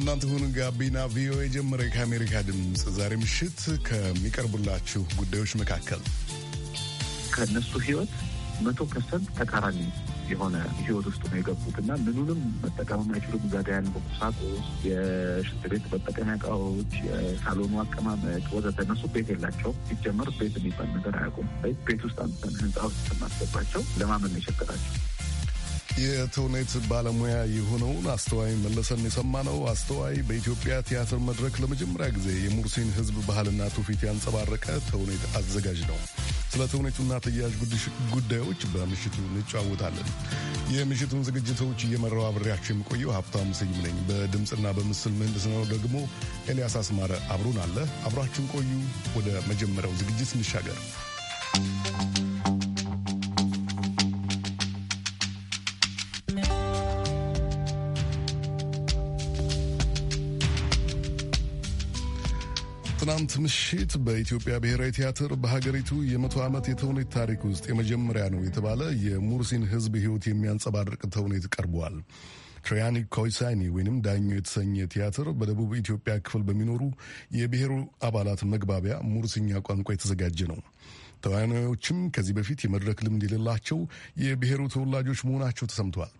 እናንተ ሁኑ። ጋቢና ቪኦኤ ጀመረ። ከአሜሪካ ድምፅ ዛሬ ምሽት ከሚቀርቡላችሁ ጉዳዮች መካከል ከእነሱ ህይወት መቶ ፐርሰንት ተቃራኒ የሆነ ህይወት ውስጥ ነው የገቡት እና ምኑንም መጠቀም የማይችሉ ዛጋ ያለ ቁሳቁስ፣ የሽንት ቤት መጠቀሚያ እቃዎች፣ የሳሎኑ አቀማመጥ ወዘተ። እነሱ ቤት የላቸው ሲጀመር ቤት የሚባል ነገር አያውቁም። ቤት ውስጥ አንተን ህንፃ ውስጥ ስናስገባቸው ለማመን ነው የሸቀጣቸው። የተውኔት ባለሙያ የሆነውን አስተዋይ መለሰን ነው። አስተዋይ በኢትዮጵያ ቲያትር መድረክ ለመጀመሪያ ጊዜ የሙርሲን ሕዝብ ባህልና ትውፊት ያንጸባረቀ ተውኔት አዘጋጅ ነው። ስለ ተውኔቱና ተያያዥ ጉዳዮች በምሽቱ እንጫወታለን። የምሽቱን ዝግጅቶች እየመራው አብሬያቸው የሚቆየው ሀብታሙ ስዩም ነኝ። በድምፅና በምስል ነው ደግሞ ኤልያስ አስማረ አብሮን አለ። አብራችን ቆዩ። ወደ መጀመሪያው ዝግጅት እንሻገር። ትናንት ምሽት በኢትዮጵያ ብሔራዊ ቲያትር በሀገሪቱ የመቶ ዓመት የተውኔት ታሪክ ውስጥ የመጀመሪያ ነው የተባለ የሙርሲን ሕዝብ ሕይወት የሚያንጸባርቅ ተውኔት ቀርቧል። ትሪያኒ ኮይሳኒ ወይም ዳኞ የተሰኘ ቲያትር በደቡብ ኢትዮጵያ ክፍል በሚኖሩ የብሔሩ አባላት መግባቢያ ሙርሲኛ ቋንቋ የተዘጋጀ ነው። ተዋናዮችም ከዚህ በፊት የመድረክ ልምድ የሌላቸው የብሔሩ ተወላጆች መሆናቸው ተሰምተዋል።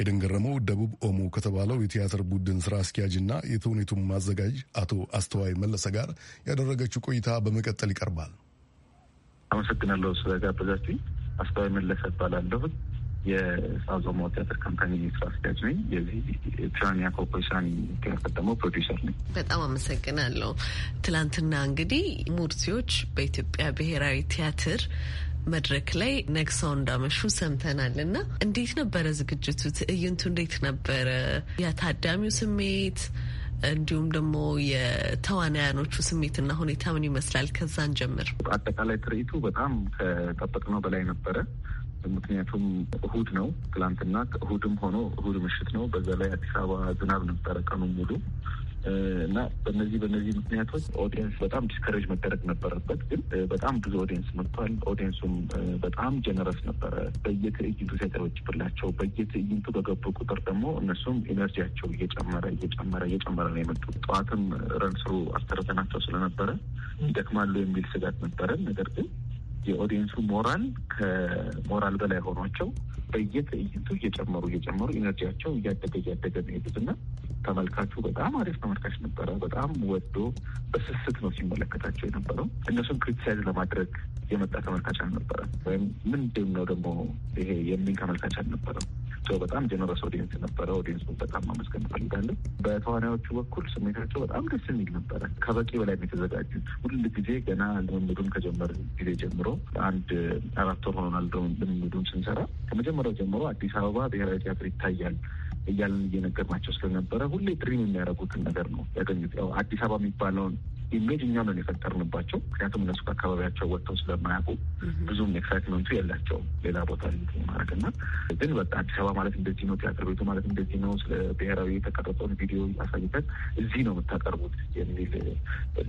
ኤደን ገረመው ደቡብ ኦሞ ከተባለው የቲያትር ቡድን ስራ አስኪያጅና የተውኔቱን ማዘጋጅ አቶ አስተዋይ መለሰ ጋር ያደረገችው ቆይታ በመቀጠል ይቀርባል። አመሰግናለሁ ስለጋበዛችሁኝ። አስተዋይ መለሰ እባላለሁ። የሳውዝ ኦሞ ቲያትር ካምፓኒ ስራ አስኪያጅ ነኝ። የዚህ ትራኒያ ኮርፖሬሽን ቲያትር ፕሮዲሰር ነኝ። በጣም አመሰግናለሁ። ትላንትና እንግዲህ ሙርሲዎች በኢትዮጵያ ብሔራዊ ቲያትር መድረክ ላይ ነግሰው እንዳመሹ ሰምተናል እና እንዴት ነበረ ዝግጅቱ? ትዕይንቱ እንዴት ነበረ? የታዳሚው ስሜት እንዲሁም ደግሞ የተዋናያኖቹ ስሜትና ሁኔታ ምን ይመስላል? ከዛን ጀምር። አጠቃላይ ትርኢቱ በጣም ከጠበቅነው በላይ ነበረ። ምክንያቱም እሁድ ነው ትላንትና፣ እሁድም ሆኖ እሁድ ምሽት ነው። በዛ ላይ አዲስ አበባ ዝናብ ነበረ ቀኑ ሙሉ እና በነዚህ በነዚህ ምክንያቶች ኦዲየንስ በጣም ዲስከሬጅ መደረግ ነበረበት። ግን በጣም ብዙ ኦዲየንስ መጥቷል። ኦዲየንሱም በጣም ጀነረስ ነበረ። በየትዕይንቱ ሲያጨበጭብላቸው፣ በየትዕይንቱ በገቡ ቁጥር ደግሞ እነሱም ኢነርጂያቸው እየጨመረ እየጨመረ እየጨመረ ነው የመጡ። ጠዋትም ረንስሩ አስተረተናቸው ስለነበረ ይደክማሉ የሚል ስጋት ነበረን። ነገር ግን የኦዲየንሱ ሞራል ከሞራል በላይ ሆኗቸው በየትዕይንቱ እየጨመሩ እየጨመሩ ኢነርጂያቸው እያደገ እያደገ መሄዱት እና ተመልካቹ በጣም አሪፍ ተመልካች ነበረ። በጣም ወዶ በስስት ነው ሲመለከታቸው የነበረው። እነሱን ክሪቲሳይዝ ለማድረግ የመጣ ተመልካች አልነበረ፣ ወይም ምንድን ነው ደግሞ ይሄ የሚል ተመልካች አልነበረም። ሰው በጣም ጀነረስ ኦዲየንስ ነበረ። ኦዲየንሱን በጣም ማመስገን እፈልጋለሁ። በተዋናዮቹ በኩል ስሜታቸው በጣም ደስ የሚል ነበረ። ከበቂ በላይ የተዘጋጁት ሁል ጊዜ ገና ልምምዱን ከጀመር ጊዜ ጀምሮ አንድ አራት ወር ሆኖናል ልምምዱን ስንሰራ ከመጀመሪያው ጀምሮ አዲስ አበባ ብሔራዊ ቲያትር ይታያል እያለን እየነገርናቸው ስለነበረ ሁሌ ድሪም የሚያደርጉትን ነገር ነው ያገኙት። ያው አዲስ አበባ የሚባለውን ኢሜጅ እኛ ነን የፈጠርንባቸው። ምክንያቱም እነሱ ከአካባቢያቸው ወጥተው ስለማያውቁ ብዙም ኤክሳይትመንቱ የላቸውም ሌላ ቦታ ማድረግ እና ግን በቃ አዲስ አበባ ማለት እንደዚህ ነው፣ ቲያትር ቤቱ ማለት እንደዚህ ነው፣ ስለ ብሔራዊ የተቀረጸውን ቪዲዮ አሳይተን እዚህ ነው የምታቀርቡት የሚል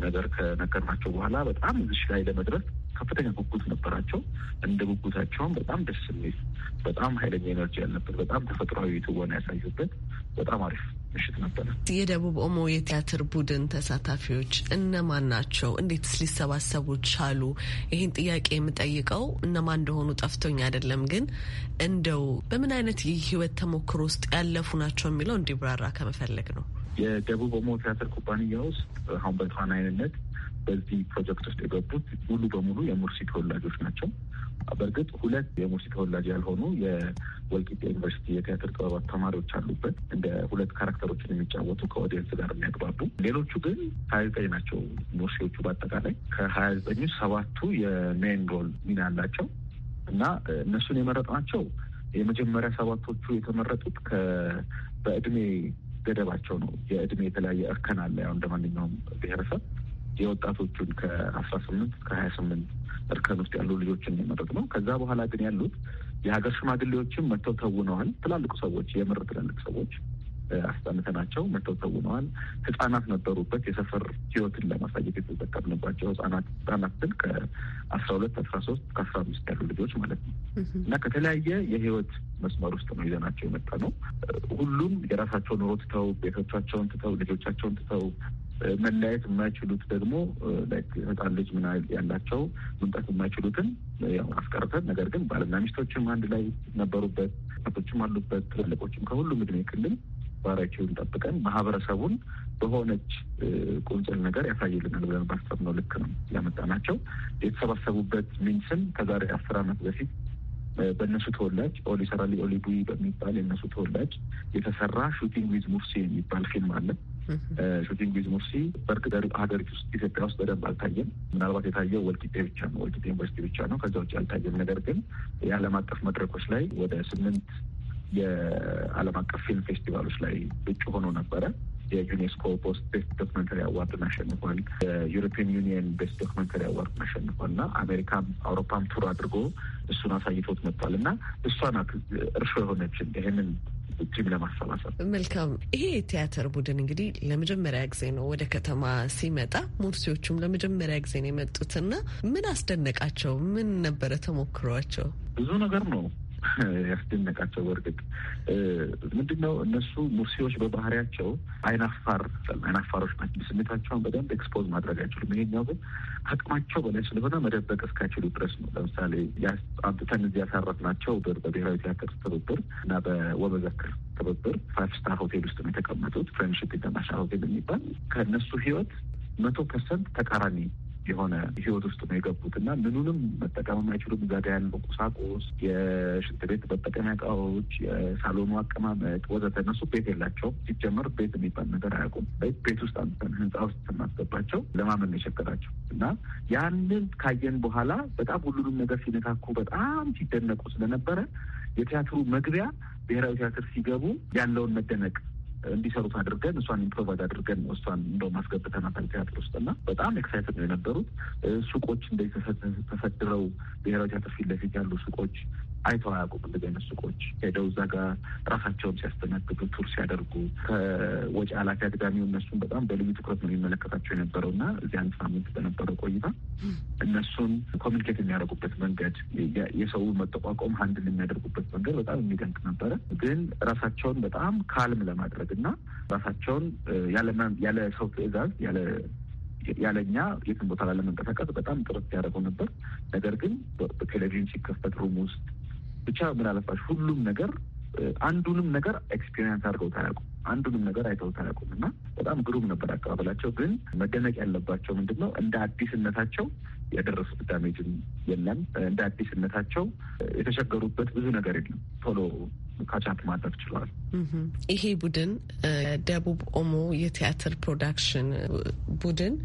ነገር ከነገርናቸው በኋላ በጣም እዚህ ላይ ለመድረስ ከፍተኛ ጉጉት ነበራቸው። እንደ ጉጉታቸውም በጣም ደስ የሚል በጣም ኃይለኛ ኤነርጂ ያለበት በጣም ተፈጥሯዊ ትወና ያሳዩበት በጣም አሪፍ ምሽት ነበረ። የደቡብ ኦሞ የቲያትር ቡድን ተሳታፊዎች እነማን ናቸው? እንዴትስ ሊሰባሰቡ ቻሉ? ይህን ጥያቄ የምጠይቀው እነማን እንደሆኑ ጠፍቶኝ አይደለም፣ ግን እንደው በምን አይነት የህይወት ተሞክሮ ውስጥ ያለፉ ናቸው የሚለው እንዲብራራ ከመፈለግ ነው። የደቡብ ኦሞ ቲያትር ኩባንያ ውስጥ አሁን በተዋናይነት በዚህ ፕሮጀክት ውስጥ የገቡት ሙሉ በሙሉ የሙርሲ ተወላጆች ናቸው። በእርግጥ ሁለት የሙርሲ ተወላጅ ያልሆኑ የወልቂጤ ዩኒቨርሲቲ የቲያትር ጥበባት ተማሪዎች አሉበት እንደ ሁለት ካራክተሮችን የሚጫወቱ ከኦዲየንስ ጋር የሚያግባቡ። ሌሎቹ ግን ሀያ ዘጠኝ ናቸው። ሙርሲዎቹ በአጠቃላይ ከሀያ ዘጠኙ ሰባቱ የሜን ሮል ሚና አላቸው እና እነሱን የመረጥናቸው የመጀመሪያ ሰባቶቹ የተመረጡት በእድሜ ገደባቸው ነው። የእድሜ የተለያየ እርከን አለ። ያው እንደ ማንኛውም ብሔረሰብ የወጣቶቹን ከአስራ ስምንት ከሀያ ስምንት እርከን ውስጥ ያሉ ልጆችን የመረጥ ነው። ከዛ በኋላ ግን ያሉት የሀገር ሽማግሌዎችም መጥተው ተውነዋል። ትላልቁ ሰዎች የምር ትላልቅ ሰዎች አስጠንተናቸው መጥተው ተውነዋል። ህጻናት ነበሩበት። የሰፈር ህይወትን ለማሳየት የተጠቀምንባቸው ህጻናት ግን ከአስራ ሁለት አስራ ሶስት ከአስራ አምስት ያሉ ልጆች ማለት ነው እና ከተለያየ የህይወት መስመር ውስጥ ነው ይዘናቸው የመጣ ነው። ሁሉም የራሳቸው ኑሮ ትተው ቤቶቻቸውን ትተው ልጆቻቸውን ትተው መለያየት የማይችሉት ደግሞ ህፃን ልጅ ምን ያላቸው መምጣት የማይችሉትን አስቀርተን፣ ነገር ግን ባልና ሚስቶችም አንድ ላይ ነበሩበት፣ ቶችም አሉበት፣ ትላልቆችም ከሁሉም እድሜ ክልል ባህሪያቸውን ጠብቀን ማህበረሰቡን በሆነች ቁንጽል ነገር ያሳይልናል ብለን ባሰብነው ልክ ነው ናቸው። የተሰባሰቡበት ምንጭም ከዛሬ አስር ዓመት በፊት በእነሱ ተወላጅ ኦሊ ሰራሊ በሚባል የእነሱ ተወላጅ የተሰራ ሹቲንግ ዊዝ ሙርሲ የሚባል ፊልም አለ። ሹቲንግ ዊዝ ሙርሲ በእርግጥ ሀገሪቱ ውስጥ ኢትዮጵያ ውስጥ በደንብ አልታየም። ምናልባት የታየው ወልቂጤ ብቻ ነው፣ ወልቂጤ ዩኒቨርሲቲ ብቻ ነው። ከዛ ውጭ አልታየም። ነገር ግን የዓለም አቀፍ መድረኮች ላይ ወደ ስምንት የዓለም አቀፍ ፊልም ፌስቲቫሎች ላይ እጩ ሆኖ ነበረ። የዩኔስኮ ፖስት ቤስት ዶክመንተሪ አዋርድን አሸንፏል። የዩሮፒያን ዩኒየን ቤስት ዶክመንተሪ አዋርድን አሸንፏል እና አሜሪካም አውሮፓም ቱር አድርጎ እሱን አሳይቶት መጥቷል እና እሷ ናት እርሾ የሆነችን ይህንን እጅም ለማሰባሰብ መልካም። ይሄ የቲያትር ቡድን እንግዲህ ለመጀመሪያ ጊዜ ነው ወደ ከተማ ሲመጣ፣ ሞርሲዎቹም ለመጀመሪያ ጊዜ ነው የመጡትና ምን አስደነቃቸው? ምን ነበረ ተሞክሯቸው? ብዙ ነገር ነው ያስደነቃቸው። በእርግጥ ምንድን ነው እነሱ ሙርሲዎች በባህሪያቸው አይናፋር አይናፋሮች ናቸው። ስሜታቸውን በደንብ ኤክስፖዝ ማድረግ አይችሉም። ይሄኛው ግን አቅማቸው በላይ ስለሆነ መደበቅ እስካችሉ ድረስ ነው። ለምሳሌ አምጥተን እዚህ ያሳረፍናቸው በብሔራዊ ቲያትር ትብብር እና በወበዘክር ትብብር ፋይቭ ስታር ሆቴል ውስጥ ነው የተቀመጡት ፍሬንድሽፕ ኢንተርናሽናል ሆቴል የሚባል ከእነሱ ህይወት መቶ ፐርሰንት ተቃራኒ የሆነ ህይወት ውስጥ ነው የገቡት እና ምኑንም መጠቀም የማይችሉም እዛ ጋ ያለው ቁሳቁስ፣ የሽንት ቤት መጠቀሚያ እቃዎች፣ የሳሎኑ አቀማመጥ ወዘተ። እነሱ ቤት የላቸውም ሲጀመር ቤት የሚባል ነገር አያውቁም። ቤት ውስጥ አንተን ህንፃ ውስጥ ስናስገባቸው ለማመን ነው የቸገራቸው እና ያንን ካየን በኋላ በጣም ሁሉንም ነገር ሲነካኩ በጣም ሲደነቁ ስለነበረ የቲያትሩ መግቢያ ብሔራዊ ቲያትር ሲገቡ ያለውን መደነቅ እንዲሰሩት አድርገን እሷን ኢምፕሮቫይዝ አድርገን እሷን እንደውም አስገብተናታል ቲያትር ውስጥ እና በጣም ኤክሳይትድ ነው የነበሩት። ሱቆች እንደዚህ ተሰድረው ብሔራዊ ቲያትር ፊት ለፊት ያሉ ሱቆች አይተው አያውቁም። እንደዚህ አይነት ሱቆች ሄደው እዛ ጋር ራሳቸውን ሲያስተናግዱ ቱር ሲያደርጉ ከወጪ ኃላፊ አግዳሚው እነሱን በጣም በልዩ ትኩረት ነው የሚመለከታቸው የነበረው እና እዚህ አንድ ሳምንት በነበረው ቆይታ እነሱን ኮሚኒኬት የሚያደርጉበት መንገድ፣ የሰው መጠቋቋም ሀንድል የሚያደርጉበት መንገድ በጣም የሚደንቅ ነበረ። ግን ራሳቸውን በጣም ካልም ለማድረግ እና ራሳቸውን ያለ ሰው ትዕዛዝ ያለ ያለኛ የትን ቦታ ላለመንቀሳቀስ በጣም ጥረት ያደረገው ነበር። ነገር ግን ቴሌቪዥን ሲከፈት ሩም ውስጥ ብቻ ምን አለፋሽ ሁሉም ነገር አንዱንም ነገር ኤክስፒሪየንስ አድርገው አያውቁም። አንዱንም ነገር አይተው አያውቁም። እና በጣም ግሩም ነበር አቀባበላቸው። ግን መደነቅ ያለባቸው ምንድን ነው እንደ አዲስነታቸው ያደረሱት ዳሜጅም የለም። እንደ አዲስነታቸው የተቸገሩበት ብዙ ነገር የለም። ቶሎ ካቻት ማድረግ ችለዋል። ይሄ ቡድን ደቡብ ኦሞ የቲያትር ፕሮዳክሽን ቡድን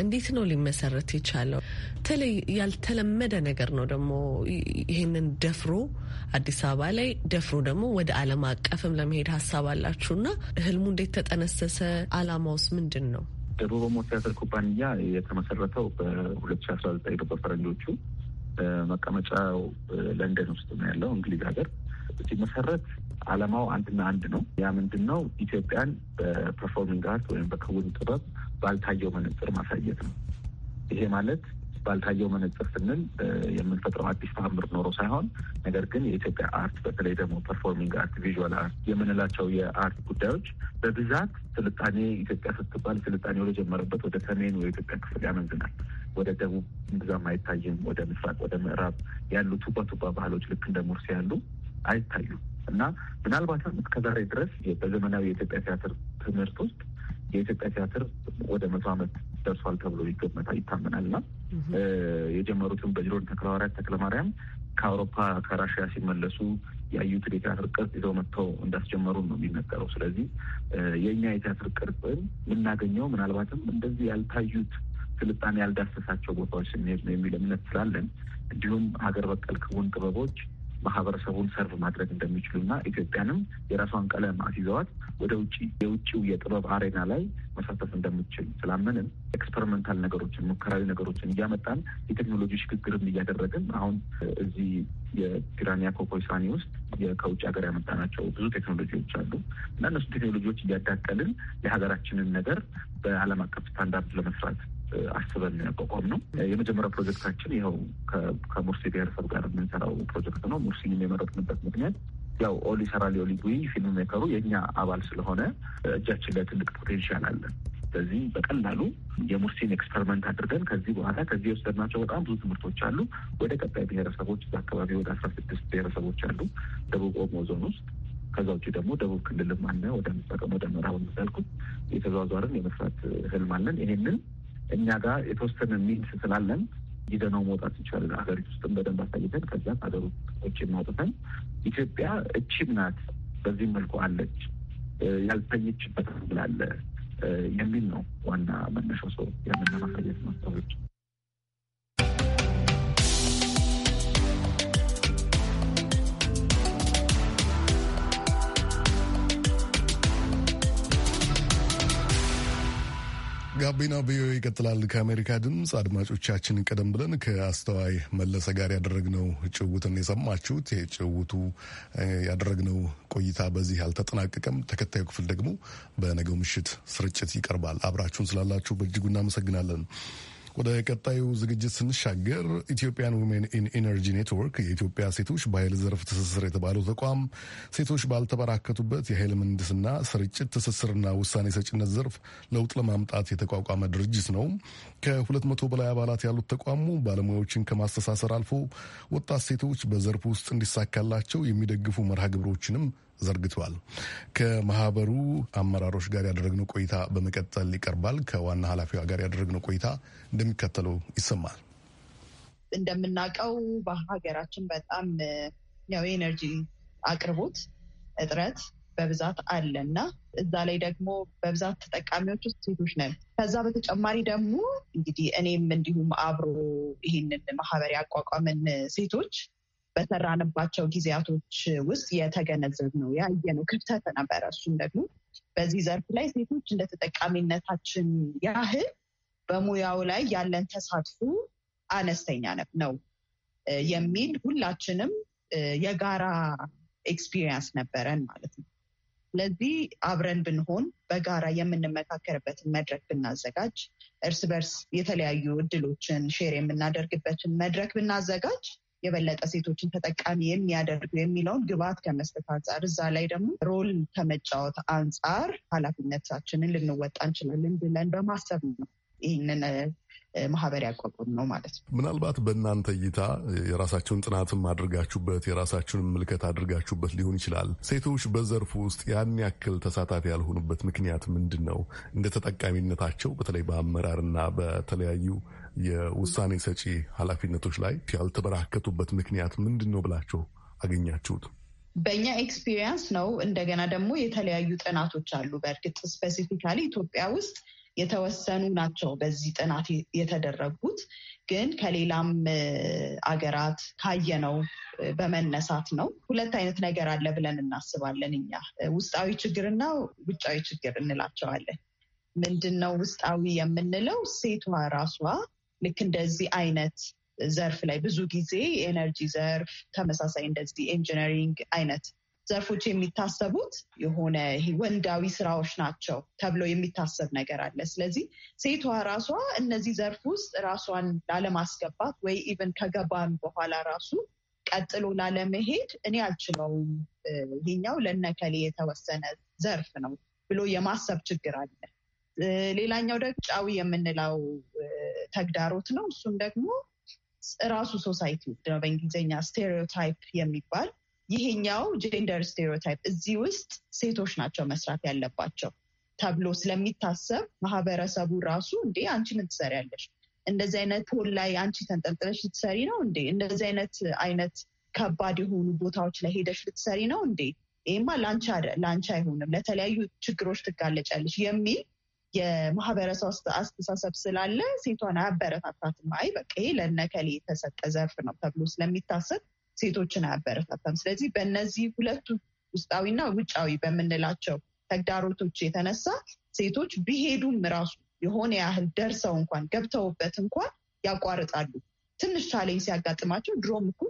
እንዴት ነው ሊመሰረት የቻለው? በተለይ ያልተለመደ ነገር ነው ደግሞ ይህንን ደፍሮ አዲስ አበባ ላይ ደፍሮ ደግሞ ወደ ዓለም አቀፍም ለመሄድ ሀሳብ አላችሁ አላችሁና ህልሙ እንዴት ተጠነሰሰ? አላማውስ ምንድን ነው? ደቡብ ኦሞ ቲያትር ኩባንያ የተመሰረተው በሁለት በ2019 ነው በፈረንጆቹ። መቀመጫው ለንደን ውስጥ ነው ያለው እንግሊዝ ሀገር። ሲመሰረት አላማው አንድና አንድ ነው። ያ ምንድን ነው? ኢትዮጵያን በፐርፎርሚንግ አርት ወይም በክውን ጥበብ ባልታየው መነጽር ማሳየት ነው። ይሄ ማለት ባልታየው መነጽር ስንል የምንፈጥረው አዲስ ተአምር ኖሮ ሳይሆን ነገር ግን የኢትዮጵያ አርት በተለይ ደግሞ ፐርፎርሚንግ አርት፣ ቪዥዋል አርት የምንላቸው የአርት ጉዳዮች በብዛት ስልጣኔ ኢትዮጵያ ስትባል ስልጣኔ ወደ ጀመረበት ወደ ሰሜን የኢትዮጵያ ክፍል ያመዝናል። ወደ ደቡብ እምብዛም አይታይም። ወደ ምስራቅ፣ ወደ ምዕራብ ያሉ ቱባ ቱባ ባህሎች ልክ እንደ ሙርሲ ያሉ አይታዩም። እና ምናልባትም እስከዛሬ ድረስ በዘመናዊ የኢትዮጵያ ቲያትር ትምህርት ውስጥ የኢትዮጵያ ቲያትር ወደ መቶ ዓመት ደርሷል ተብሎ ይገመታል ይታመናል። እና የጀመሩትን በጅሮን ተክለሐዋርያት ተክለማርያም ከአውሮፓ ከራሽያ ሲመለሱ ያዩትን የቲያትር ቅርጽ ይዘው መጥተው እንዳስጀመሩን ነው የሚነገረው። ስለዚህ የእኛ የቲያትር ቅርጽን የምናገኘው ምናልባትም እንደዚህ ያልታዩት ስልጣኔ ያልዳሰሳቸው ቦታዎች ስንሄድ ነው የሚል እምነት ስላለን እንዲሁም ሀገር በቀል ክቡን ጥበቦች ማህበረሰቡን ሰርቭ ማድረግ እንደሚችሉና ኢትዮጵያንም የራሷን ቀለም አስይዘዋት ወደ ውጭ የውጭው የጥበብ አሬና ላይ መሳተፍ እንደምትችል ስላመንን ኤክስፐሪመንታል ነገሮችን ሙከራዊ ነገሮችን እያመጣን የቴክኖሎጂ ሽግግርን እያደረግን አሁን እዚህ የፒራኒያ ኮኮይሳኒ ውስጥ ከውጭ ሀገር ያመጣናቸው ብዙ ቴክኖሎጂዎች አሉ እና እነሱ ቴክኖሎጂዎች እያዳቀልን የሀገራችንን ነገር በዓለም አቀፍ ስታንዳርድ ለመስራት አስበን ያቋቋም ነው። የመጀመሪያው ፕሮጀክታችን ይኸው ከሙርሲ ብሔረሰብ ጋር የምንሰራው ፕሮጀክት ነው። ሙርሲን የመረጥንበት ምክንያት ያው ኦሊ ሰራሊ ኦሊጉይ ፊልም ሜከሩ የእኛ አባል ስለሆነ እጃችን ላይ ትልቅ ፖቴንሻል አለን። ስለዚህ በቀላሉ የሙርሲን ኤክስፐሪመንት አድርገን ከዚህ በኋላ ከዚህ የወሰድናቸው በጣም ብዙ ትምህርቶች አሉ። ወደ ቀጣይ ብሔረሰቦች እዛ አካባቢ ወደ አስራ ስድስት ብሔረሰቦች አሉ ደቡብ ኦሞ ዞን ውስጥ። ከዛ ውጭ ደግሞ ደቡብ ክልልም አለ ወደ ምስራቅ ወደ ምዕራብ ምሳልኩት የተዘዋዟርን የመስራት ህልም አለን። ይሄንን እኛ ጋር የተወሰነ ሚንስ ስላለን ይዘነው መውጣት ይቻላል። ሀገሪቱ ውስጥም በደንብ አሳይተን ከዚያም ሀገሩ ውጭ ማውጥተን ኢትዮጵያ እቺም ናት፣ በዚህ መልኩ አለች፣ ያልተኝችበት ብላለ የሚል ነው ዋና መነሻ ሰው የምናማሳየት ማስታወች ጋቢና ቪኦኤ ይቀጥላል። ከአሜሪካ ድምፅ አድማጮቻችን፣ ቀደም ብለን ከአስተዋይ መለሰ ጋር ያደረግነው ጭውትን የሰማችሁት። ጭውቱ ያደረግነው ቆይታ በዚህ አልተጠናቀቀም። ተከታዩ ክፍል ደግሞ በነገው ምሽት ስርጭት ይቀርባል። አብራችሁን ስላላችሁ በእጅጉ እናመሰግናለን። ወደ ቀጣዩ ዝግጅት ስንሻገር ኢትዮጵያን ውሜን ኢን ኢነርጂ ኔትወርክ የኢትዮጵያ ሴቶች በኃይል ዘርፍ ትስስር የተባለው ተቋም ሴቶች ባልተበራከቱበት የኃይል ምህንድስና፣ ስርጭት፣ ትስስርና ውሳኔ ሰጭነት ዘርፍ ለውጥ ለማምጣት የተቋቋመ ድርጅት ነው። ከሁለት መቶ በላይ አባላት ያሉት ተቋሙ ባለሙያዎችን ከማስተሳሰር አልፎ ወጣት ሴቶች በዘርፉ ውስጥ እንዲሳካላቸው የሚደግፉ መርሃ ግብሮችንም ዘርግተዋል። ከማህበሩ አመራሮች ጋር ያደረግነው ቆይታ በመቀጠል ይቀርባል። ከዋና ኃላፊዋ ጋር ያደረግነው ቆይታ እንደሚከተለው ይሰማል። እንደምናውቀው በሀገራችን በጣም ያው የኤነርጂ አቅርቦት እጥረት በብዛት አለ እና እዛ ላይ ደግሞ በብዛት ተጠቃሚዎች ውስጥ ሴቶች ነን። ከዛ በተጨማሪ ደግሞ እንግዲህ እኔም እንዲሁም አብሮ ይህንን ማህበር ያቋቋመን ሴቶች በሰራንባቸው ጊዜያቶች ውስጥ የተገነዘብ ነው ነው ክፍተት ነበረ። እሱም ደግሞ በዚህ ዘርፍ ላይ ሴቶች እንደ ተጠቃሚነታችን ያህል በሙያው ላይ ያለን ተሳትፎ አነስተኛ ነው የሚል ሁላችንም የጋራ ኤክስፒሪየንስ ነበረን ማለት ነው። ስለዚህ አብረን ብንሆን በጋራ የምንመካከርበትን መድረክ ብናዘጋጅ፣ እርስ በርስ የተለያዩ እድሎችን ሼር የምናደርግበትን መድረክ ብናዘጋጅ የበለጠ ሴቶችን ተጠቃሚ የሚያደርጉ የሚለውን ግብዓት ከመስጠት አንጻር እዛ ላይ ደግሞ ሮል ከመጫወት አንጻር ኃላፊነታችንን ልንወጣ እንችላለን ብለን በማሰብ ነው ይህንን ማህበር ያቋቁም ነው ማለት ነው። ምናልባት በእናንተ እይታ የራሳችሁን ጥናትም አድርጋችሁበት የራሳችሁን ምልከት አድርጋችሁበት ሊሆን ይችላል። ሴቶች በዘርፉ ውስጥ ያን ያክል ተሳታፊ ያልሆኑበት ምክንያት ምንድን ነው? እንደ ተጠቃሚነታቸው በተለይ በአመራርና በተለያዩ የውሳኔ ሰጪ ኃላፊነቶች ላይ ያልተበራከቱበት ምክንያት ምንድን ነው ብላችሁ አገኛችሁት? በእኛ ኤክስፒሪየንስ ነው። እንደገና ደግሞ የተለያዩ ጥናቶች አሉ። በእርግጥ ስፔሲፊካሊ ኢትዮጵያ ውስጥ የተወሰኑ ናቸው በዚህ ጥናት የተደረጉት። ግን ከሌላም አገራት ካየነው በመነሳት ነው። ሁለት አይነት ነገር አለ ብለን እናስባለን እኛ ውስጣዊ ችግርና ውጫዊ ችግር እንላቸዋለን። ምንድን ነው ውስጣዊ የምንለው? ሴቷ ራሷ ልክ እንደዚህ አይነት ዘርፍ ላይ ብዙ ጊዜ የኤነርጂ ዘርፍ ተመሳሳይ እንደዚህ ኢንጂነሪንግ አይነት ዘርፎች የሚታሰቡት የሆነ ወንዳዊ ስራዎች ናቸው ተብሎ የሚታሰብ ነገር አለ። ስለዚህ ሴቷ ራሷ እነዚህ ዘርፍ ውስጥ ራሷን ላለማስገባት ወይ ኢቨን ከገባን በኋላ ራሱ ቀጥሎ ላለመሄድ እኔ አልችለውም፣ ይሄኛው ለነከሌ የተወሰነ ዘርፍ ነው ብሎ የማሰብ ችግር አለ። ሌላኛው ደግሞ ጫዊ የምንለው ተግዳሮት ነው። እሱም ደግሞ ራሱ ሶሳይቲ በእንግሊዝኛ ስቴሪዮታይፕ የሚባል ይሄኛው ጀንደር ስቴሪዮታይፕ እዚህ ውስጥ ሴቶች ናቸው መስራት ያለባቸው ተብሎ ስለሚታሰብ ማህበረሰቡ ራሱ እንዴ አንቺ ምን ትሰሪያለሽ? እንደዚህ አይነት ፖል ላይ አንቺ ተንጠልጥለሽ ልትሰሪ ነው እንዴ? እንደዚህ አይነት አይነት ከባድ የሆኑ ቦታዎች ላይ ሄደሽ ልትሰሪ ነው እንዴ? ይህማ ላንቺ አይሆንም፣ ለተለያዩ ችግሮች ትጋለጫለሽ የሚል የማህበረሰብ አስተሳሰብ ስላለ ሴቷን አያበረታታትም። አይ በቃ ይሄ ለነከሌ የተሰጠ ዘርፍ ነው ተብሎ ስለሚታሰብ ሴቶችን አያበረታታም። ስለዚህ በእነዚህ ሁለቱ ውስጣዊና ውጫዊ በምንላቸው ተግዳሮቶች የተነሳ ሴቶች ቢሄዱም ራሱ የሆነ ያህል ደርሰው እንኳን ገብተውበት እንኳን ያቋርጣሉ። ትንሽ ቻሌንጅ ሲያጋጥማቸው ድሮም እኮ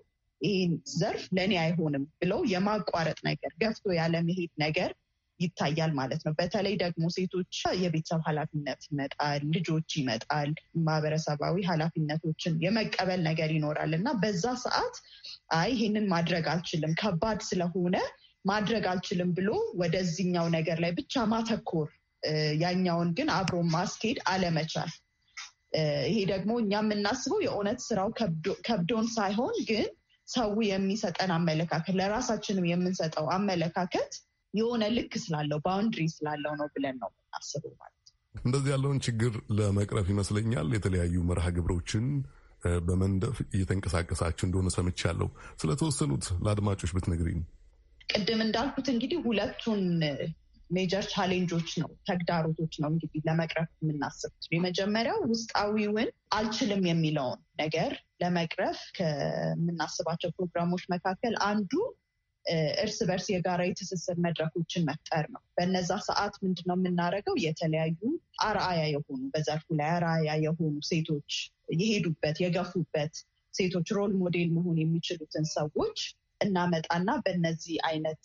ይህን ዘርፍ ለእኔ አይሆንም ብለው የማቋረጥ ነገር ገፍቶ ያለመሄድ ነገር ይታያል ማለት ነው። በተለይ ደግሞ ሴቶች የቤተሰብ ኃላፊነት ይመጣል፣ ልጆች ይመጣል፣ ማህበረሰባዊ ኃላፊነቶችን የመቀበል ነገር ይኖራል እና በዛ ሰዓት አይ ይሄንን ማድረግ አልችልም ከባድ ስለሆነ ማድረግ አልችልም ብሎ ወደዚህኛው ነገር ላይ ብቻ ማተኮር፣ ያኛውን ግን አብሮ ማስኬድ አለመቻል። ይሄ ደግሞ እኛ የምናስበው የእውነት ስራው ከብዶን ሳይሆን ግን ሰው የሚሰጠን አመለካከት ለራሳችንም የምንሰጠው አመለካከት የሆነ ልክ ስላለው ባውንድሪ ስላለው ነው ብለን ነው የምናስበው ማለት ነው። እንደዚህ ያለውን ችግር ለመቅረፍ ይመስለኛል የተለያዩ መርሃ ግብሮችን በመንደፍ እየተንቀሳቀሳችሁ እንደሆነ ሰምቻለሁ። ስለተወሰኑት ለአድማጮች ብትነግሪኝ። ቅድም እንዳልኩት እንግዲህ ሁለቱን ሜጀር ቻሌንጆች ነው ተግዳሮቶች ነው እንግዲህ ለመቅረፍ የምናስቡት። የመጀመሪያው ውስጣዊውን አልችልም የሚለውን ነገር ለመቅረፍ ከምናስባቸው ፕሮግራሞች መካከል አንዱ እርስ በርስ የጋራ የትስስር መድረኮችን መፍጠር ነው። በነዛ ሰዓት ምንድን ነው የምናደርገው? የተለያዩ አርአያ የሆኑ በዘርፉ ላይ አርአያ የሆኑ ሴቶች የሄዱበት የገፉበት ሴቶች ሮል ሞዴል መሆን የሚችሉትን ሰዎች እናመጣና በነዚህ አይነት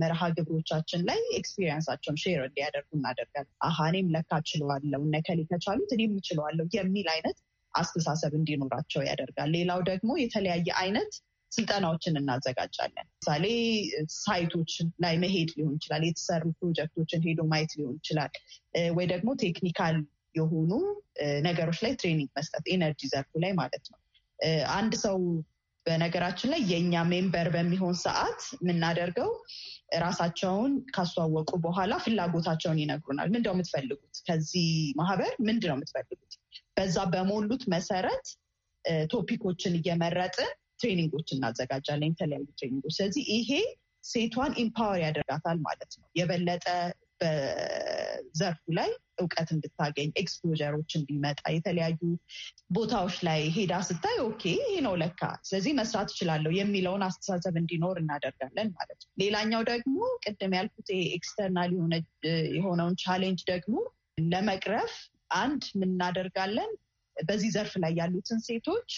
መርሃ ግብሮቻችን ላይ ኤክስፒሪየንሳቸውን ሼር እንዲያደርጉ እናደርጋል። አሀ እኔም ለካ ችለዋለው እነ ከሌ ከቻሉት እኔም ችለዋለው የሚል አይነት አስተሳሰብ እንዲኖራቸው ያደርጋል። ሌላው ደግሞ የተለያየ አይነት ስልጠናዎችን እናዘጋጃለን። ምሳሌ ሳይቶች ላይ መሄድ ሊሆን ይችላል፣ የተሰሩ ፕሮጀክቶችን ሄዶ ማየት ሊሆን ይችላል፣ ወይ ደግሞ ቴክኒካል የሆኑ ነገሮች ላይ ትሬኒንግ መስጠት ኤነርጂ ዘርፉ ላይ ማለት ነው። አንድ ሰው በነገራችን ላይ የእኛ ሜምበር በሚሆን ሰዓት የምናደርገው ራሳቸውን ካስተዋወቁ በኋላ ፍላጎታቸውን ይነግሩናል። ነው የምትፈልጉት? ከዚህ ማህበር ምንድነው የምትፈልጉት? በዛ በሞሉት መሰረት ቶፒኮችን እየመረጥን ትሬኒንጎች እናዘጋጃለን፣ የተለያዩ ትሬኒንጎች። ስለዚህ ይሄ ሴቷን ኢምፓወር ያደርጋታል ማለት ነው። የበለጠ በዘርፉ ላይ እውቀት እንድታገኝ ኤክስፖጀሮች እንዲመጣ የተለያዩ ቦታዎች ላይ ሄዳ ስታይ ኦኬ ይህ ነው ለካ፣ ስለዚህ መስራት እችላለሁ የሚለውን አስተሳሰብ እንዲኖር እናደርጋለን ማለት ነው። ሌላኛው ደግሞ ቅድም ያልኩት ኤክስተርናል የሆነውን ቻሌንጅ ደግሞ ለመቅረፍ አንድ ምን እናደርጋለን በዚህ ዘርፍ ላይ ያሉትን ሴቶች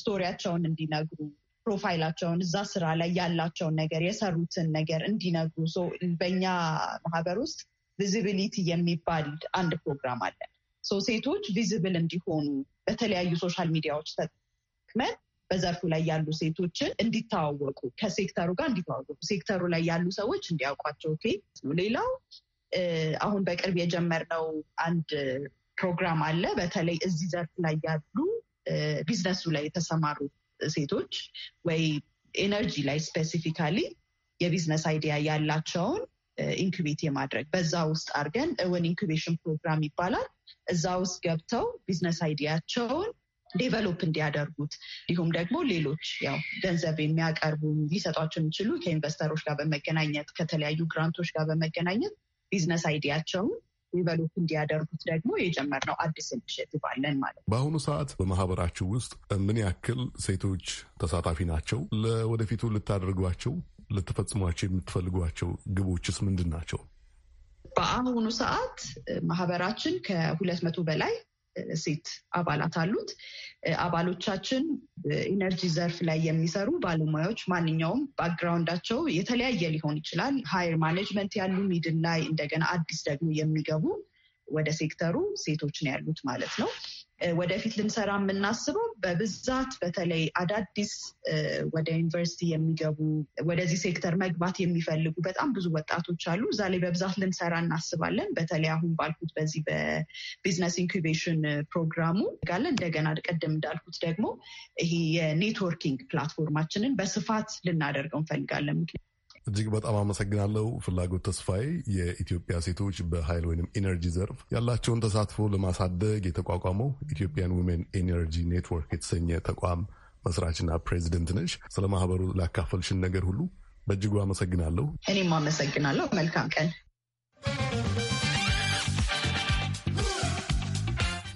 ስቶሪያቸውን እንዲነግሩ ፕሮፋይላቸውን እዛ ስራ ላይ ያላቸውን ነገር የሰሩትን ነገር እንዲነግሩ በኛ ማህበር ውስጥ ቪዚቢሊቲ የሚባል አንድ ፕሮግራም አለን። ሴቶች ቪዚብል እንዲሆኑ በተለያዩ ሶሻል ሚዲያዎች ተጠቅመን በዘርፉ ላይ ያሉ ሴቶችን እንዲተዋወቁ ከሴክተሩ ጋር እንዲተዋወቁ ሴክተሩ ላይ ያሉ ሰዎች እንዲያውቋቸው። ሌላው አሁን በቅርብ የጀመርነው አንድ ፕሮግራም አለ። በተለይ እዚህ ዘርፍ ላይ ያሉ ቢዝነሱ ላይ የተሰማሩ ሴቶች ወይ ኤነርጂ ላይ ስፔሲፊካሊ የቢዝነስ አይዲያ ያላቸውን ኢንኩቤት የማድረግ በዛ ውስጥ አድርገን እውን ኢንኩቤሽን ፕሮግራም ይባላል። እዛ ውስጥ ገብተው ቢዝነስ አይዲያቸውን ዴቨሎፕ እንዲያደርጉት እንዲሁም ደግሞ ሌሎች ያው ገንዘብ የሚያቀርቡ ሊሰጧቸው የሚችሉ ከኢንቨስተሮች ጋር በመገናኘት ከተለያዩ ግራንቶች ጋር በመገናኘት ቢዝነስ አይዲያቸውን ዲቨሎፕ እንዲያደርጉት ደግሞ የጀመርነው አዲስ ኢኒሽቲቭ አለን ማለት ነው። በአሁኑ ሰዓት በማህበራችሁ ውስጥ ምን ያክል ሴቶች ተሳታፊ ናቸው? ለወደፊቱ ልታደርጓቸው ልትፈጽሟቸው የምትፈልጓቸው ግቦችስ ምንድን ናቸው? በአሁኑ ሰዓት ማህበራችን ከሁለት መቶ በላይ ሴት አባላት አሉት። አባሎቻችን ኢነርጂ ዘርፍ ላይ የሚሰሩ ባለሙያዎች ማንኛውም ባክግራውንዳቸው የተለያየ ሊሆን ይችላል። ሀይር ማኔጅመንት ያሉ ሚድን ላይ እንደገና አዲስ ደግሞ የሚገቡ ወደ ሴክተሩ ሴቶች ነው ያሉት ማለት ነው። ወደፊት ልንሰራ የምናስበው በብዛት በተለይ አዳዲስ ወደ ዩኒቨርሲቲ የሚገቡ ወደዚህ ሴክተር መግባት የሚፈልጉ በጣም ብዙ ወጣቶች አሉ። እዛ ላይ በብዛት ልንሰራ እናስባለን። በተለይ አሁን ባልኩት በዚህ በቢዝነስ ኢንኩቤሽን ፕሮግራሙ ጋለ እንደገና ቀደም እንዳልኩት ደግሞ ይሄ የኔትወርኪንግ ፕላትፎርማችንን በስፋት ልናደርገው እንፈልጋለን። ምክንያቱም እጅግ በጣም አመሰግናለሁ። ፍላጎት ተስፋዬ የኢትዮጵያ ሴቶች በኃይል ወይም ኢነርጂ ዘርፍ ያላቸውን ተሳትፎ ለማሳደግ የተቋቋመው ኢትዮጵያን ዊሜን ኢነርጂ ኔትወርክ የተሰኘ ተቋም መስራችና ፕሬዚደንት ነሽ። ስለ ማህበሩ ላካፈልሽን ነገር ሁሉ በእጅጉ አመሰግናለሁ። እኔም አመሰግናለሁ። መልካም ቀን።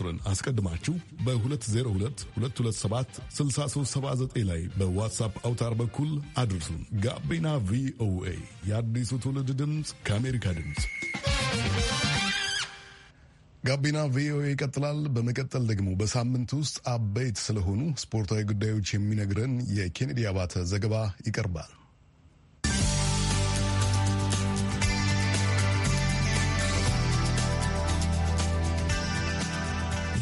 ቁጥርን አስቀድማችሁ በ2022276379 ላይ በዋትሳፕ አውታር በኩል አድርሱን። ጋቢና ቪኦኤ የአዲሱ ትውልድ ድምፅ ከአሜሪካ ድምፅ ጋቢና ቪኦኤ ይቀጥላል። በመቀጠል ደግሞ በሳምንት ውስጥ አበይት ስለሆኑ ስፖርታዊ ጉዳዮች የሚነግረን የኬኔዲ አባተ ዘገባ ይቀርባል።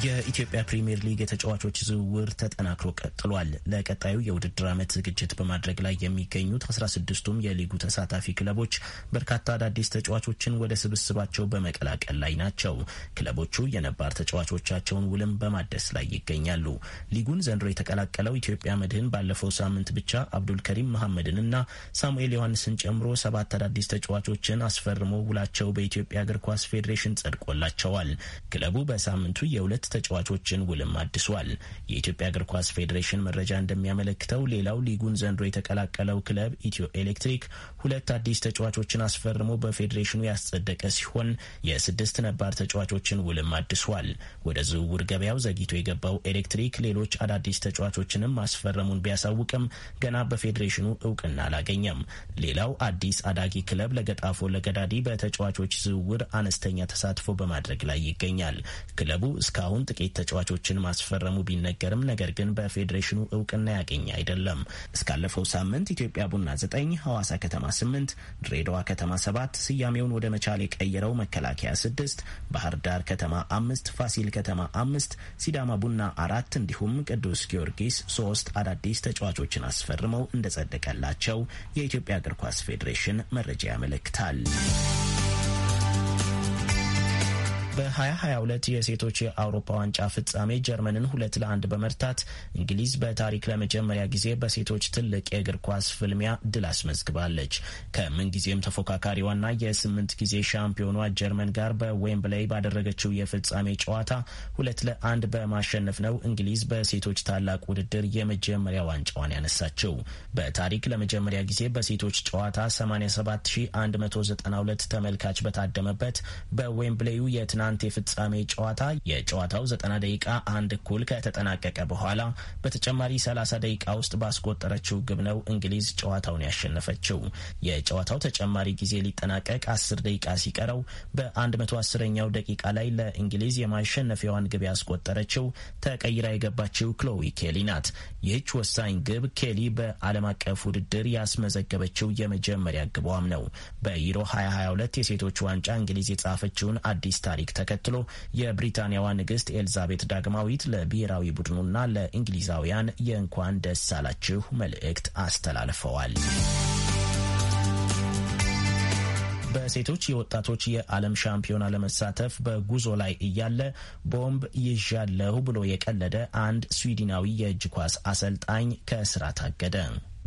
የኢትዮጵያ ፕሪምየር ሊግ የተጫዋቾች ዝውውር ተጠናክሮ ቀጥሏል። ለቀጣዩ የውድድር ዓመት ዝግጅት በማድረግ ላይ የሚገኙት አስራ ስድስቱም የሊጉ ተሳታፊ ክለቦች በርካታ አዳዲስ ተጫዋቾችን ወደ ስብስባቸው በመቀላቀል ላይ ናቸው። ክለቦቹ የነባር ተጫዋቾቻቸውን ውልም በማደስ ላይ ይገኛሉ። ሊጉን ዘንድሮ የተቀላቀለው ኢትዮጵያ መድህን ባለፈው ሳምንት ብቻ አብዱልከሪም መሐመድን እና ሳሙኤል ዮሐንስን ጨምሮ ሰባት አዳዲስ ተጫዋቾችን አስፈርሞ ውላቸው በኢትዮጵያ እግር ኳስ ፌዴሬሽን ጸድቆላቸዋል። ክለቡ በሳምንቱ የሁለት ተጫዋቾችን ውልም አድሷል። የኢትዮጵያ እግር ኳስ ፌዴሬሽን መረጃ እንደሚያመለክተው ሌላው ሊጉን ዘንድሮ የተቀላቀለው ክለብ ኢትዮ ኤሌክትሪክ ሁለት አዲስ ተጫዋቾችን አስፈርሞ በፌዴሬሽኑ ያስጸደቀ ሲሆን የስድስት ነባር ተጫዋቾችን ውልም አድሷል። ወደ ዝውውር ገበያው ዘግይቶ የገባው ኤሌክትሪክ ሌሎች አዳዲስ ተጫዋቾችንም ማስፈረሙን ቢያሳውቅም ገና በፌዴሬሽኑ እውቅና አላገኘም። ሌላው አዲስ አዳጊ ክለብ ለገጣፎ ለገዳዲ በተጫዋቾች ዝውውር አነስተኛ ተሳትፎ በማድረግ ላይ ይገኛል። ክለቡ እስካሁን ጥቂት ተጫዋቾችን ማስፈረሙ ቢነገርም ነገር ግን በፌዴሬሽኑ እውቅና ያገኘ አይደለም። እስካለፈው ሳምንት ኢትዮጵያ ቡና ዘጠኝ፣ ሐዋሳ ከተማ ስምንት፣ ድሬዳዋ ከተማ ሰባት፣ ስያሜውን ወደ መቻል የቀየረው መከላከያ ስድስት፣ ባህር ዳር ከተማ አምስት፣ ፋሲል ከተማ አምስት፣ ሲዳማ ቡና አራት እንዲሁም ቅዱስ ጊዮርጊስ ሶስት አዳዲስ ተጫዋቾችን አስፈርመው እንደጸደቀላቸው የኢትዮጵያ እግር ኳስ ፌዴሬሽን መረጃ ያመለክታል። በ2022 የሴቶች የአውሮፓ ዋንጫ ፍጻሜ ጀርመንን ሁለት ለአንድ በመርታት እንግሊዝ በታሪክ ለመጀመሪያ ጊዜ በሴቶች ትልቅ የእግር ኳስ ፍልሚያ ድል አስመዝግባለች። ከምንጊዜም ተፎካካሪዋና የስምንት ጊዜ ሻምፒዮኗ ጀርመን ጋር በዌምብላይ ባደረገችው የፍጻሜ ጨዋታ ሁለት ለአንድ በማሸነፍ ነው እንግሊዝ በሴቶች ታላቅ ውድድር የመጀመሪያ ዋንጫዋን ያነሳችው በታሪክ ለመጀመሪያ ጊዜ በሴቶች ጨዋታ 87192 ተመልካች በታደመበት በዌምብላዩ የትና ትናንት የፍጻሜ ጨዋታ የጨዋታው ዘጠና ደቂቃ አንድ እኩል ከተጠናቀቀ በኋላ በተጨማሪ ሰላሳ ደቂቃ ውስጥ ባስቆጠረችው ግብ ነው እንግሊዝ ጨዋታውን ያሸነፈችው። የጨዋታው ተጨማሪ ጊዜ ሊጠናቀቅ አስር ደቂቃ ሲቀረው በ110ኛው ደቂቃ ላይ ለእንግሊዝ የማሸነፊያዋን ግብ ያስቆጠረችው ተቀይራ የገባችው ክሎዊ ኬሊ ናት። ይህች ወሳኝ ግብ ኬሊ በዓለም አቀፍ ውድድር ያስመዘገበችው የመጀመሪያ ግቧም ነው። በዩሮ 2022 የሴቶች ዋንጫ እንግሊዝ የጻፈችውን አዲስ ታሪክ ተከትሎ የብሪታንያዋ ንግስት ኤልዛቤት ዳግማዊት ለብሔራዊ ቡድኑና ለእንግሊዛውያን የእንኳን ደስ አላችሁ መልእክት አስተላልፈዋል። በሴቶች የወጣቶች የዓለም ሻምፒዮና ለመሳተፍ በጉዞ ላይ እያለ ቦምብ ይዣለሁ ብሎ የቀለደ አንድ ስዊድናዊ የእጅ ኳስ አሰልጣኝ ከስራ ታገደ።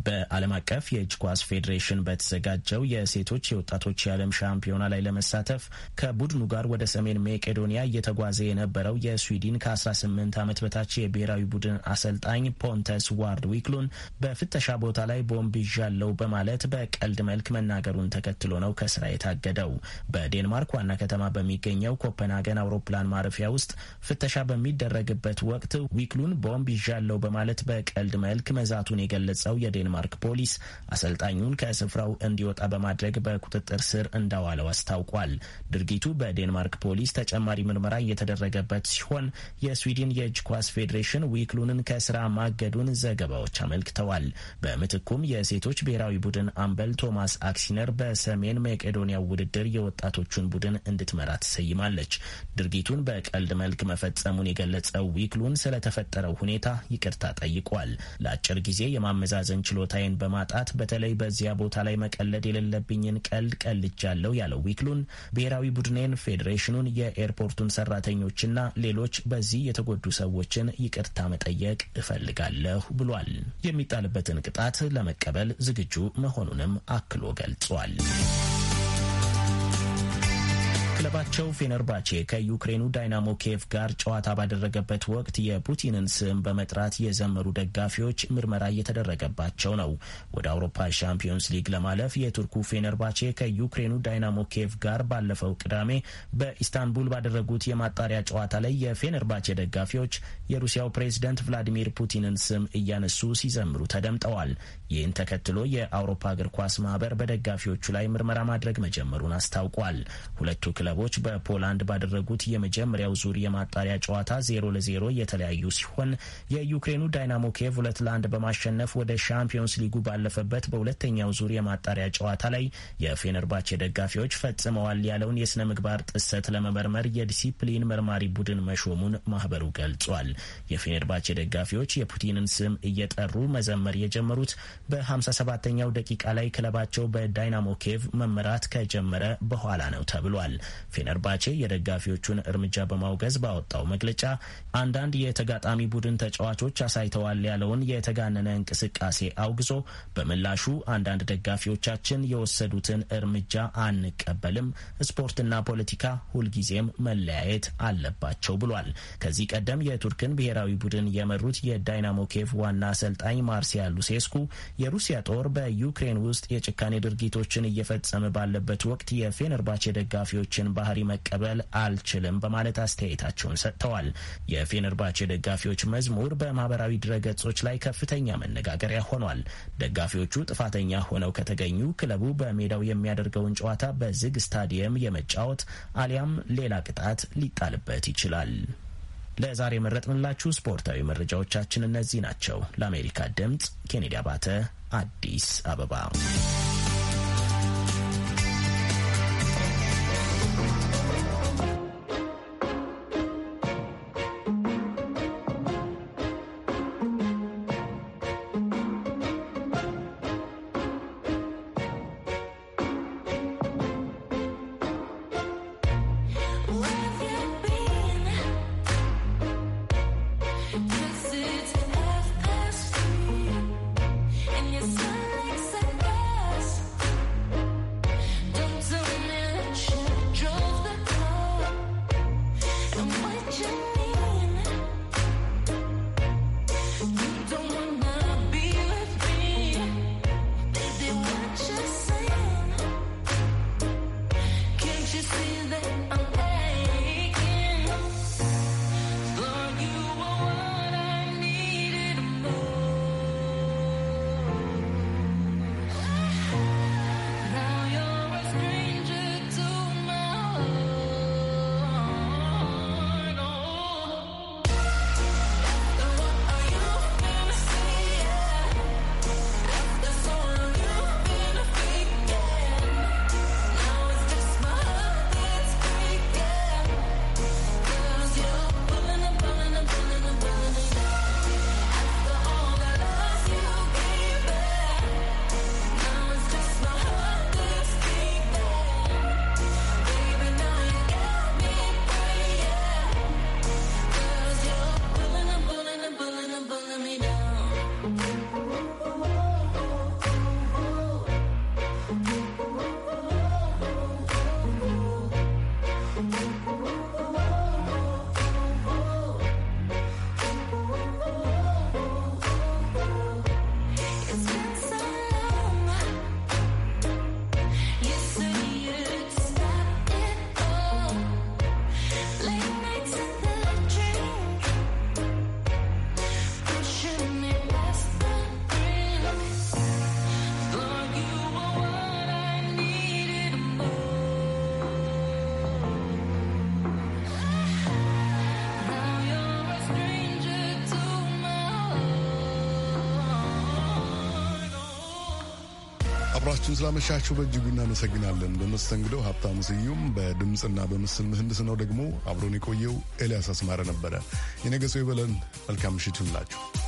በዓለም አቀፍ የእጅ ኳስ ፌዴሬሽን በተዘጋጀው የሴቶች የወጣቶች የዓለም ሻምፒዮና ላይ ለመሳተፍ ከቡድኑ ጋር ወደ ሰሜን ሜቄዶኒያ እየተጓዘ የነበረው የስዊድን ከ18 ዓመት በታች የብሔራዊ ቡድን አሰልጣኝ ፖንተስ ዋርድ ዊክሉን በፍተሻ ቦታ ላይ ቦምብ ይዣለው በማለት በቀልድ መልክ መናገሩን ተከትሎ ነው ከስራ የታገደው። በዴንማርክ ዋና ከተማ በሚገኘው ኮፐንሃገን አውሮፕላን ማረፊያ ውስጥ ፍተሻ በሚደረግበት ወቅት ዊክሉን ቦምብ ይዣለው በማለት በቀልድ መልክ መዛቱን የገለጸው የዴንማርክ የዴንማርክ ፖሊስ አሰልጣኙን ከስፍራው እንዲወጣ በማድረግ በቁጥጥር ስር እንዳዋለው አስታውቋል። ድርጊቱ በዴንማርክ ፖሊስ ተጨማሪ ምርመራ እየተደረገበት ሲሆን የስዊድን የእጅ ኳስ ፌዴሬሽን ዊክሉንን ከስራ ማገዱን ዘገባዎች አመልክተዋል። በምትኩም የሴቶች ብሔራዊ ቡድን አምበል ቶማስ አክሲነር በሰሜን መቄዶኒያ ውድድር የወጣቶቹን ቡድን እንድትመራ ትሰይማለች። ድርጊቱን በቀልድ መልክ መፈጸሙን የገለጸው ዊክሉን ስለተፈጠረው ሁኔታ ይቅርታ ጠይቋል። ለአጭር ጊዜ የማመዛዘን ችሎ ችሎታዬን በማጣት በተለይ በዚያ ቦታ ላይ መቀለድ የሌለብኝን ቀልድ ቀልጃለሁ ያለው ዊክሉን ብሔራዊ ቡድኔን፣ ፌዴሬሽኑን፣ የኤርፖርቱን ሰራተኞችና ሌሎች በዚህ የተጎዱ ሰዎችን ይቅርታ መጠየቅ እፈልጋለሁ ብሏል። የሚጣልበትን ቅጣት ለመቀበል ዝግጁ መሆኑንም አክሎ ገልጿል። ክለባቸው ፌነርባቼ ከዩክሬኑ ዳይናሞ ኬቭ ጋር ጨዋታ ባደረገበት ወቅት የፑቲንን ስም በመጥራት የዘመሩ ደጋፊዎች ምርመራ እየተደረገባቸው ነው። ወደ አውሮፓ ሻምፒዮንስ ሊግ ለማለፍ የቱርኩ ፌነርባቼ ከዩክሬኑ ዳይናሞ ኬቭ ጋር ባለፈው ቅዳሜ በኢስታንቡል ባደረጉት የማጣሪያ ጨዋታ ላይ የፌነርባቼ ደጋፊዎች የሩሲያው ፕሬዝደንት ቭላዲሚር ፑቲንን ስም እያነሱ ሲዘምሩ ተደምጠዋል። ይህን ተከትሎ የአውሮፓ እግር ኳስ ማህበር በደጋፊዎቹ ላይ ምርመራ ማድረግ መጀመሩን አስታውቋል። ሁለቱ ክለ ክለቦች በፖላንድ ባደረጉት የመጀመሪያው ዙር የማጣሪያ ጨዋታ ዜሮ ለዜሮ የተለያዩ ሲሆን የዩክሬኑ ዳይናሞ ኬቭ ሁለት ለአንድ በማሸነፍ ወደ ሻምፒዮንስ ሊጉ ባለፈበት በሁለተኛው ዙር የማጣሪያ ጨዋታ ላይ የፌነርባቼ ደጋፊዎች ፈጽመዋል ያለውን የስነ ምግባር ጥሰት ለመመርመር የዲሲፕሊን መርማሪ ቡድን መሾሙን ማህበሩ ገልጿል። የፌነርባቼ ደጋፊዎች የፑቲንን ስም እየጠሩ መዘመር የጀመሩት በ57ኛው ደቂቃ ላይ ክለባቸው በዳይናሞ ኬቭ መመራት ከጀመረ በኋላ ነው ተብሏል። ፌነርባቼ የደጋፊዎቹን እርምጃ በማውገዝ ባወጣው መግለጫ አንዳንድ የተጋጣሚ ቡድን ተጫዋቾች አሳይተዋል ያለውን የተጋነነ እንቅስቃሴ አውግዞ በምላሹ አንዳንድ ደጋፊዎቻችን የወሰዱትን እርምጃ አንቀበልም፣ ስፖርትና ፖለቲካ ሁልጊዜም መለያየት አለባቸው ብሏል። ከዚህ ቀደም የቱርክን ብሔራዊ ቡድን የመሩት የዳይናሞ ኬቭ ዋና አሰልጣኝ ማርሲያ ሉሴስኩ የሩሲያ ጦር በዩክሬን ውስጥ የጭካኔ ድርጊቶችን እየፈጸመ ባለበት ወቅት የፌነርባቼ ደጋፊዎችን የክለቦችን ባህሪ መቀበል አልችልም በማለት አስተያየታቸውን ሰጥተዋል። የፌነርባቼ ደጋፊዎች መዝሙር በማህበራዊ ድረገጾች ላይ ከፍተኛ መነጋገሪያ ሆኗል። ደጋፊዎቹ ጥፋተኛ ሆነው ከተገኙ ክለቡ በሜዳው የሚያደርገውን ጨዋታ በዝግ ስታዲየም የመጫወት አሊያም ሌላ ቅጣት ሊጣልበት ይችላል። ለዛሬ የመረጥንላችሁ ስፖርታዊ መረጃዎቻችን እነዚህ ናቸው። ለአሜሪካ ድምፅ ኬኔዲ አባተ አዲስ አበባ አብራችሁን ስላመሻችሁ በእጅጉ እናመሰግናለን። በመስተንግደው ሀብታሙ ስዩም፣ በድምፅና በምስል ምህንድስ ነው ደግሞ አብሮን የቆየው ኤልያስ አስማረ ነበረ። የነገ ሰው ይበለን። መልካም ምሽት ይሁንላችሁ።